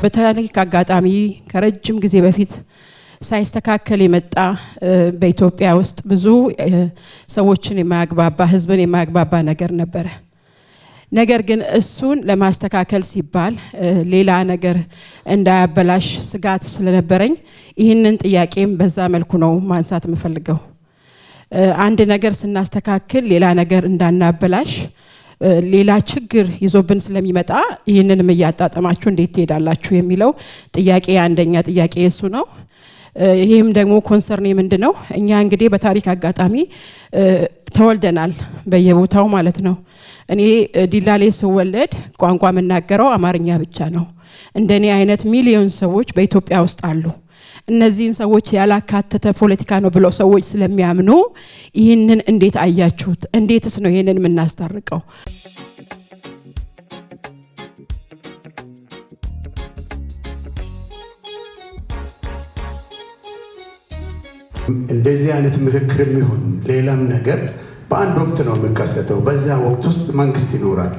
በታሪክ አጋጣሚ ከረጅም ጊዜ በፊት ሳይስተካከል የመጣ በኢትዮጵያ ውስጥ ብዙ ሰዎችን የማያግባባ ህዝብን የማያግባባ ነገር ነበረ። ነገር ግን እሱን ለማስተካከል ሲባል ሌላ ነገር እንዳያበላሽ ስጋት ስለነበረኝ ይህንን ጥያቄም በዛ መልኩ ነው ማንሳት የምፈልገው። አንድ ነገር ስናስተካክል ሌላ ነገር እንዳናበላሽ ሌላ ችግር ይዞብን ስለሚመጣ ይህንንም እያጣጠማችሁ እንዴት ትሄዳላችሁ የሚለው ጥያቄ አንደኛ ጥያቄ እሱ ነው። ይህም ደግሞ ኮንሰርን ምንድን ነው? እኛ እንግዲህ በታሪክ አጋጣሚ ተወልደናል በየቦታው ማለት ነው። እኔ ዲላሌ ስወለድ ቋንቋ የምናገረው አማርኛ ብቻ ነው። እንደኔ አይነት ሚሊዮን ሰዎች በኢትዮጵያ ውስጥ አሉ። እነዚህን ሰዎች ያላካተተ ፖለቲካ ነው ብለው ሰዎች ስለሚያምኑ ይህንን እንዴት አያችሁት? እንዴትስ ነው ይህንን የምናስታርቀው? እንደዚህ አይነት ምክክርም ይሁን ሌላም ነገር በአንድ ወቅት ነው የሚከሰተው። በዚያ ወቅት ውስጥ መንግስት ይኖራል።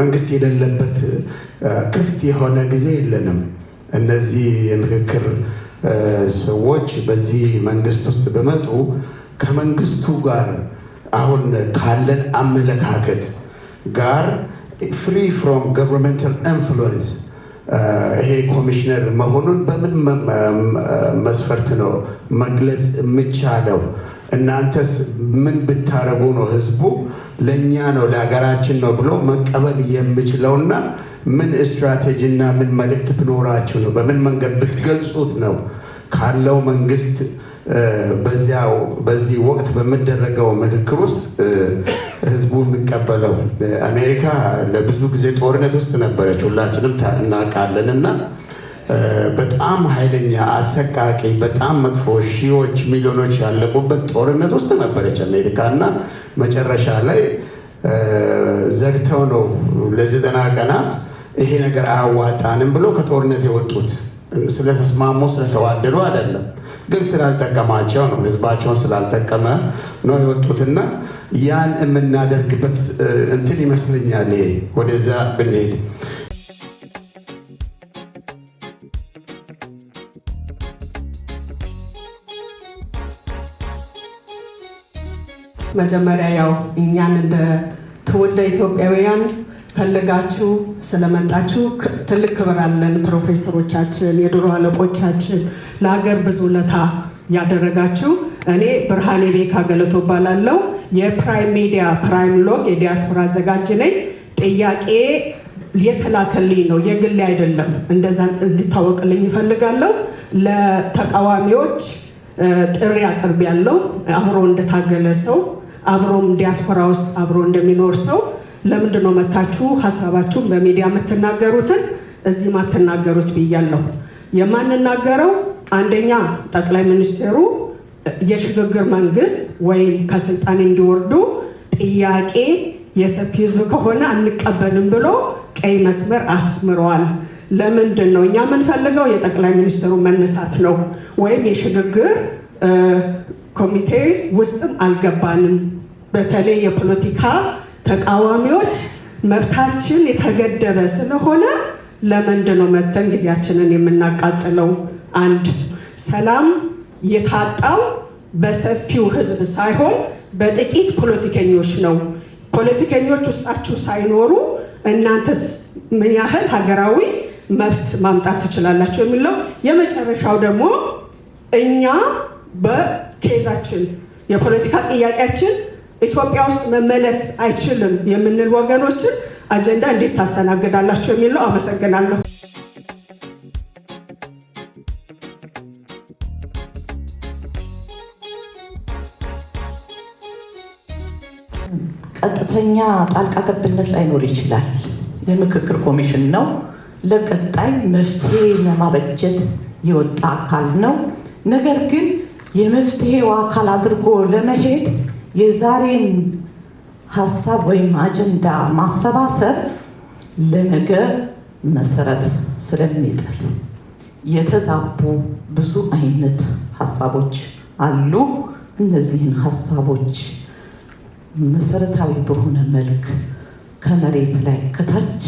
መንግስት የሌለበት ክፍት የሆነ ጊዜ የለንም። እነዚህ የምክክር ሰዎች በዚህ መንግስት ውስጥ በመጡ ከመንግስቱ ጋር አሁን ካለን አመለካከት ጋር ፍሪ ፍሮም ገቨርንመንታል ኢንፍሉዌንስ ይሄ ኮሚሽነር መሆኑን በምን መስፈርት ነው መግለጽ የምቻለው? እናንተስ ምን ብታረጉ ነው ህዝቡ ለእኛ ነው ለሀገራችን ነው ብሎ መቀበል የምችለውና ምን ስትራቴጂ እና ምን መልእክት ብኖራችሁ ነው? በምን መንገድ ብትገልጹት ነው ካለው መንግስት በዚያው በዚህ ወቅት በሚደረገው ምክክር ውስጥ ህዝቡ የሚቀበለው? አሜሪካ ለብዙ ጊዜ ጦርነት ውስጥ ነበረች፣ ሁላችንም እናውቃለን። እና በጣም ኃይለኛ አሰቃቂ፣ በጣም መጥፎ ሺዎች ሚሊዮኖች ያለቁበት ጦርነት ውስጥ ነበረች አሜሪካ እና መጨረሻ ላይ ዘግተው ነው ለዘጠና ቀናት ይሄ ነገር አያዋጣንም ብሎ ከጦርነት የወጡት ስለተስማሙ ስለተዋደዱ አይደለም፣ ግን ስላልጠቀማቸው ነው። ህዝባቸውን ስላልጠቀመ ነው የወጡትና ያን የምናደርግበት እንትን ይመስለኛል። ይሄ ወደዛ ብንሄድ መጀመሪያ ያው እኛን እንደ ትውልደ ኢትዮጵያውያን ፈልጋችሁ ስለመጣችሁ ትልቅ ክብር አለን። ፕሮፌሰሮቻችን፣ የድሮ አለቆቻችን፣ ለሀገር ብዙ ውለታ ያደረጋችሁ። እኔ ብርሃኔ ቤካ ገለቶ እባላለሁ። የፕራይም ሚዲያ ፕራይም ሎግ የዲያስፖራ አዘጋጅ ነኝ። ጥያቄ የተላከልኝ ነው፣ የግሌ አይደለም። እንደዛ እንድታወቅልኝ ይፈልጋለሁ። ለተቃዋሚዎች ጥሪ አቅርቤያለሁ። አብሮ እንደታገለ ሰው፣ አብሮም ዲያስፖራ ውስጥ አብሮ እንደሚኖር ሰው ለምንድን ነው መታችሁ ሀሳባችሁን በሚዲያ የምትናገሩትን እዚህ ማትናገሩት ብያለሁ። የማንናገረው አንደኛ ጠቅላይ ሚኒስትሩ የሽግግር መንግስት ወይም ከስልጣን እንዲወርዱ ጥያቄ የሰፊ ህዝብ ከሆነ አንቀበልም ብሎ ቀይ መስመር አስምረዋል። ለምንድን ነው እኛ የምንፈልገው የጠቅላይ ሚኒስትሩ መነሳት ነው፣ ወይም የሽግግር ኮሚቴ ውስጥም አልገባንም። በተለይ የፖለቲካ ተቃዋሚዎች መብታችን የተገደበ ስለሆነ ለምንድን ነው መተን ጊዜያችንን የምናቃጥለው? አንድ ሰላም የታጣው በሰፊው ህዝብ ሳይሆን በጥቂት ፖለቲከኞች ነው። ፖለቲከኞች ውስጣችሁ ሳይኖሩ እናንተስ ምን ያህል ሀገራዊ መብት ማምጣት ትችላላችሁ? የሚለው የመጨረሻው ደግሞ እኛ በኬዛችን የፖለቲካ ጥያቄያችን ኢትዮጵያ ውስጥ መመለስ አይችልም የምንል ወገኖችን አጀንዳ እንዴት ታስተናግዳላቸው የሚለው አመሰግናለሁ። ቀጥተኛ ጣልቃ ገብነት ላይኖር ይችላል። የምክክር ኮሚሽን ነው። ለቀጣይ መፍትሄ ለማበጀት የወጣ አካል ነው። ነገር ግን የመፍትሄው አካል አድርጎ ለመሄድ የዛሬን ሀሳብ ወይም አጀንዳ ማሰባሰብ ለነገ መሰረት ስለሚጥል የተዛቡ ብዙ አይነት ሀሳቦች አሉ። እነዚህን ሀሳቦች መሰረታዊ በሆነ መልክ ከመሬት ላይ ከታች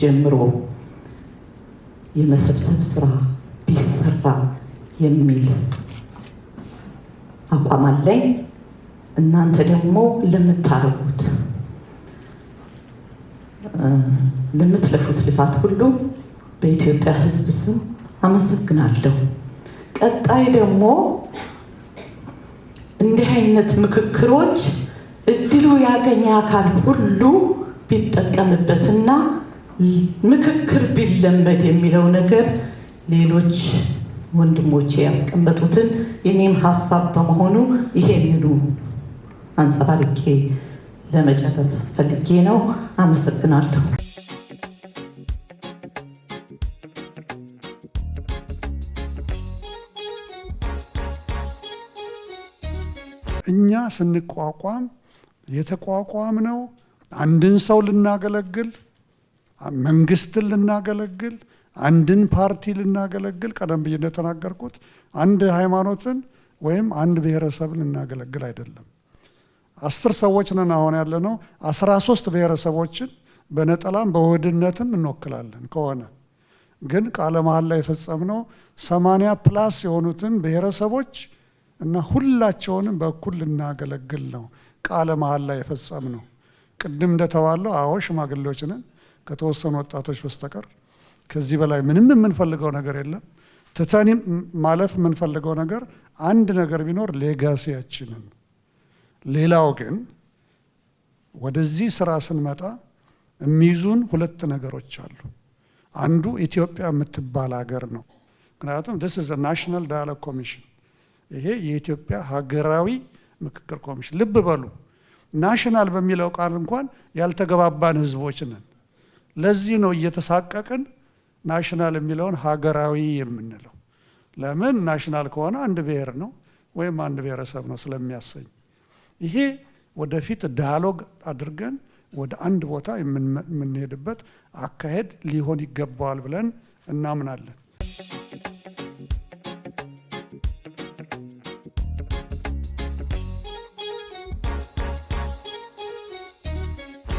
ጀምሮ የመሰብሰብ ስራ ቢሰራ የሚል አቋም አለኝ። እናንተ ደግሞ ለምታረጉት ለምትለፉት ልፋት ሁሉ በኢትዮጵያ ሕዝብ ስም አመሰግናለሁ። ቀጣይ ደግሞ እንዲህ አይነት ምክክሮች እድሉ ያገኘ አካል ሁሉ ቢጠቀምበትና ምክክር ቢለመድ የሚለው ነገር ሌሎች ወንድሞቼ ያስቀመጡትን የኔም ሀሳብ በመሆኑ ይሄንኑ አንጸባርቄ ለመጨረስ ፈልጌ ነው። አመሰግናለሁ። እኛ ስንቋቋም የተቋቋም ነው አንድን ሰው ልናገለግል፣ መንግስትን ልናገለግል፣ አንድን ፓርቲ ልናገለግል፣ ቀደም ብዬ እንደተናገርኩት አንድ ሃይማኖትን ወይም አንድ ብሔረሰብን ልናገለግል አይደለም። አስር ሰዎች ነን አሁን ያለ ነው። አስራ ሶስት ብሔረሰቦችን በነጠላም በውህድነትም እንወክላለን ከሆነ ግን ቃለ መሀላ የፈጸምነው ሰማንያ ፕላስ የሆኑትን ብሔረሰቦች እና ሁላቸውንም በእኩል ልናገለግል ነው ቃለ መሀላ የፈጸምነው። ቅድም እንደተባለው አዎ ሽማግሌዎች ነን ከተወሰኑ ወጣቶች በስተቀር ከዚህ በላይ ምንም የምንፈልገው ነገር የለም። ትተን ማለፍ የምንፈልገው ነገር አንድ ነገር ቢኖር ሌጋሲያችንን ሌላው ግን ወደዚህ ስራ ስንመጣ የሚይዙን ሁለት ነገሮች አሉ። አንዱ ኢትዮጵያ የምትባል ሀገር ነው። ምክንያቱም ስ ናሽናል ዳያሎግ ኮሚሽን ይሄ የኢትዮጵያ ሀገራዊ ምክክር ኮሚሽን። ልብ በሉ ናሽናል በሚለው ቃል እንኳን ያልተገባባን ህዝቦች ነን። ለዚህ ነው እየተሳቀቅን ናሽናል የሚለውን ሀገራዊ የምንለው። ለምን ናሽናል ከሆነ አንድ ብሔር ነው ወይም አንድ ብሔረሰብ ነው ስለሚያሰኝ ይሄ ወደፊት ዳያሎግ አድርገን ወደ አንድ ቦታ የምንሄድበት አካሄድ ሊሆን ይገባዋል ብለን እናምናለን።